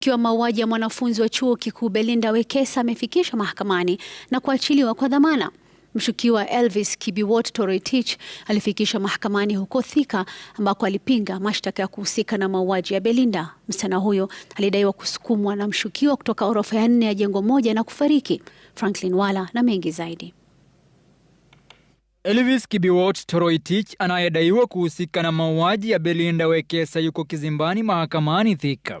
Kiwa mauaji ya mwanafunzi wa chuo kikuu Belinda Wekesa amefikishwa mahakamani na kuachiliwa kwa dhamana. Mshukiwa Elvis Kibiwot Toroitich alifikishwa mahakamani huko Thika ambako alipinga mashtaka ya kuhusika na mauaji ya Belinda. Msichana huyo alidaiwa kusukumwa na mshukiwa kutoka orofa ya nne ya jengo moja na kufariki. Franklin Wala na mengi zaidi. Elvis Kibiwot Toroitich anayedaiwa kuhusika na mauaji ya Belinda Wekesa yuko kizimbani mahakamani Thika.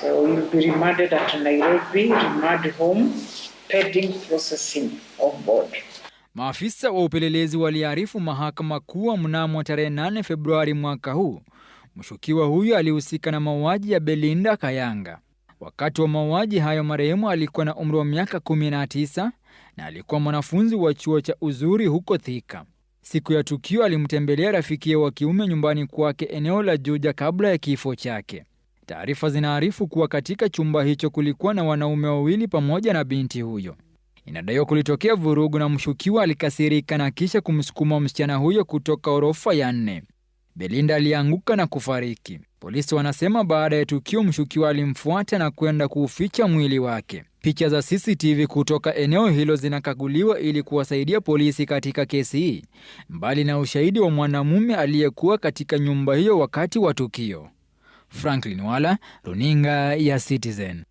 So will be remanded at Nairobi Remand Home pending processing of board. Maafisa wa upelelezi waliarifu mahakama kuwa mnamo tarehe 8 Februari mwaka huu mshukiwa huyo alihusika na mauaji ya Belinda Kayanga. Wakati wa mauaji hayo marehemu alikuwa na umri wa miaka 19 na alikuwa mwanafunzi wa chuo cha uzuri huko Thika. Siku ya tukio alimtembelea rafikiye wa kiume nyumbani kwake eneo la Juja kabla ya kifo chake. Taarifa zinaarifu kuwa katika chumba hicho kulikuwa na wanaume wawili pamoja na binti huyo. Inadaiwa kulitokea vurugu na mshukiwa alikasirika na kisha kumsukuma msichana huyo kutoka orofa ya nne. Belinda alianguka na kufariki. Polisi wanasema baada ya tukio, mshukiwa alimfuata na kwenda kuuficha mwili wake. Picha za CCTV kutoka eneo hilo zinakaguliwa ili kuwasaidia polisi katika kesi hii, mbali na ushahidi wa mwanamume aliyekuwa katika nyumba hiyo wakati wa tukio. Franklin Wala, runinga ya Citizen.